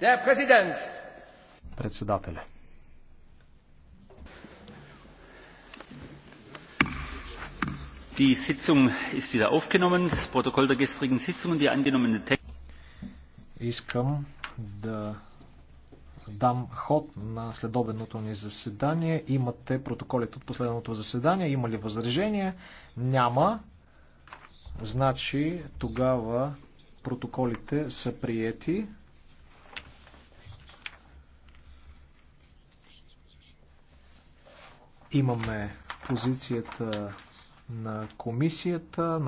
Председателя. Die Sitzung ist wieder aufgenommen. Das Protokoll der gestrigen Sitzung und die angenommene Texte. Искам да дам ход на следобедното ни заседание. Имате протоколите от последното заседание. Има ли възражение? Няма. Значи тогава протоколите са приети. Имаме позицията на комисията.